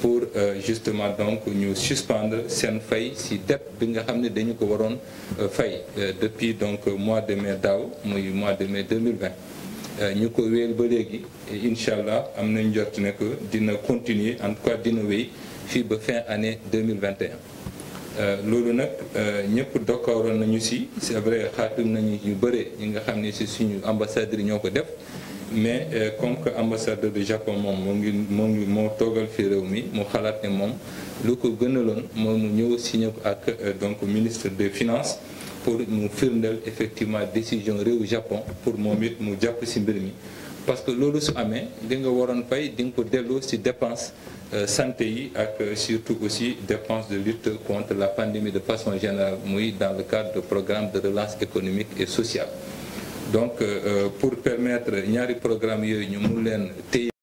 pour euh, justement donc ñu suspendre cette fay si det bi nga xamné dañu ko waroon euh, fay euh, depuis donc mois de mai daw mois de mai 2020 ñu ko wéel ba légui Inshallah, allah am nañ njort ne dina continuer en tout cas dina wéy fi ba fin année 2021 loolu nag ñëpp dokkoron nañu si c'est vrai xaatim nañu yu bëre ñi nga xamné ci si suñu ambassadeurs yi def mais euh, comme ambassadeur du Japon mon suis mon fi donc ministre des finances pour nous faire effectivement décision au Japon pour mon mu japp parce que lolu su amé li nga des fay di ko euh, santé et euh, surtout aussi dépenses de lutte contre la pandémie de façon générale dans le cadre du programme de relance économique et sociale donc euh, euh, pour permettre ñaari programme yooyu ñu mun leen téye